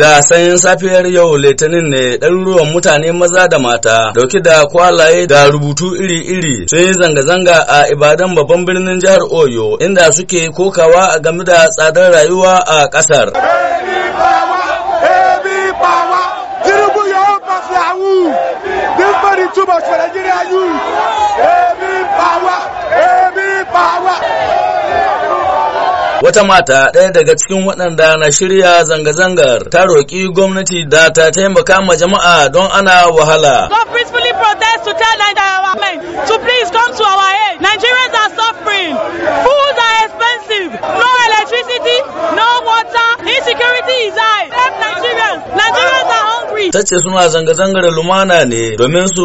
Da sanyin safiyar yau litinin ne ɗan ruwan mutane maza da mata dauke da kwalaye da rubutu iri-iri sun yi zanga-zanga a Ibadan babban birnin jihar Oyo inda suke kokawa a game da tsadar rayuwa a ƙasar. Ebi power, power. wata mata ɗaya daga cikin waɗanda na shirya zanga-zangar ta roƙi gwamnati da ta taimaka ma jama'a don ana wahala. go peacefully protest to tell Nigerian government to please come to our aid. Nigerians are suffering. Food are expensive. No electricity, no water. Insecurity is high. Help Nigerians. Nigerians ta ce suna zanga-zangar lumana ne domin su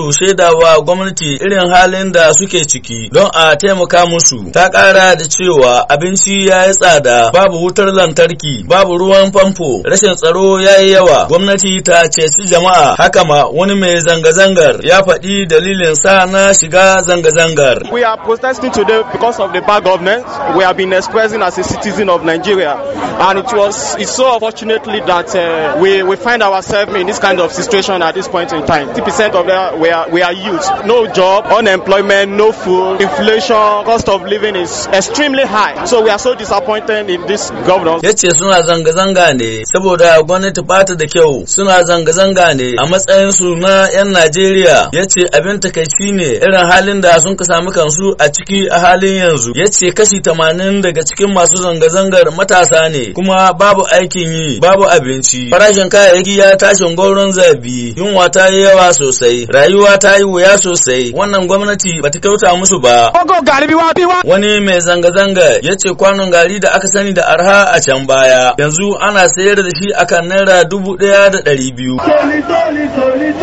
wa gwamnati irin halin da suke ciki don a taimaka musu ta kara da cewa abinci ya yi tsada babu wutar lantarki babu ruwan famfo rashin tsaro ya yi yawa gwamnati ta ceci jama'a haka ma wani mai zanga-zangar ya faɗi dalilin sa na shiga zanga-zangar we are protesting today because of the bad governance we have been expressing as a citizen of Nigeria and it was it's so unfortunately that uh, we we find ourselves in this kind of kind of situation at this point in time. 50% of them were, were youth. No job, unemployment, no food, inflation, cost of living is extremely high. So we are so disappointed in this government. yace suna zanga-zanga ne saboda gwamnati bata da kyau suna zanga-zanga ne a matsayin su na 'yan Najeriya. yace abin takaici ne irin halin da sun ka samu kansu a ciki a halin yanzu. yace kashi tamanin daga cikin masu zanga-zangar matasa ne kuma babu aikin yi babu abinci. Farashin kayayyaki ya tashin gwamnati sauran zabi yunwa ta yi yawa sosai rayuwa ta yi wuya sosai wannan gwamnati bata kyauta musu ba wani mai zanga-zanga ya ce kwanon gari da aka sani da arha a can baya yanzu ana sayar da shi akan naira dubu ɗaya da ɗari biyu naira.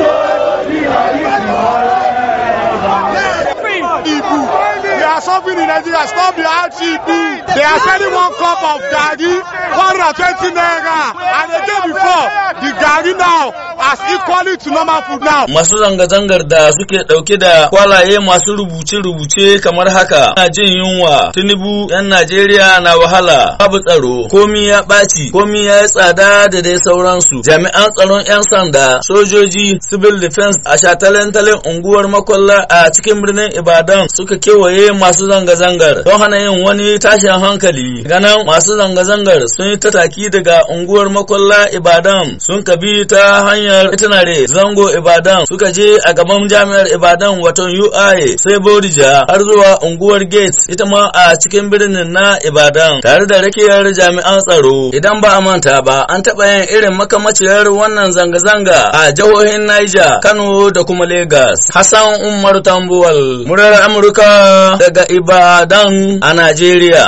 now as equally to normal food now. Masu zanga-zangar da suke ɗauke da kwalaye masu rubuce-rubuce kamar haka. Na jin yunwa, Tinubu, 'yan Najeriya na wahala, babu tsaro, komi ya ɓaci, komi ya yi tsada da dai sauransu. Jami'an tsaron 'yan sanda, sojoji, civil defense a shatalen-talen unguwar makwalla a cikin birnin Ibadan suka kewaye masu zanga-zangar don hana yin wani tashin hankali. Ganan masu zanga-zangar sun yi tataki daga unguwar makwalla Ibadan sun kabi ta hanyar jami'ar Itinare Zango Ibadan suka je a gaban jami'ar Ibadan watan UI sai Bodija har zuwa unguwar Gates ita ma a cikin birnin na Ibadan tare da rakiyar jami'an tsaro idan ba a manta ba an taɓa yin irin makamaciyar wannan zanga-zanga a jihohin Niger, Kano da kuma Lagos. Hassan Umar Tambuwal, murar Amurka daga Ibadan a Najeriya.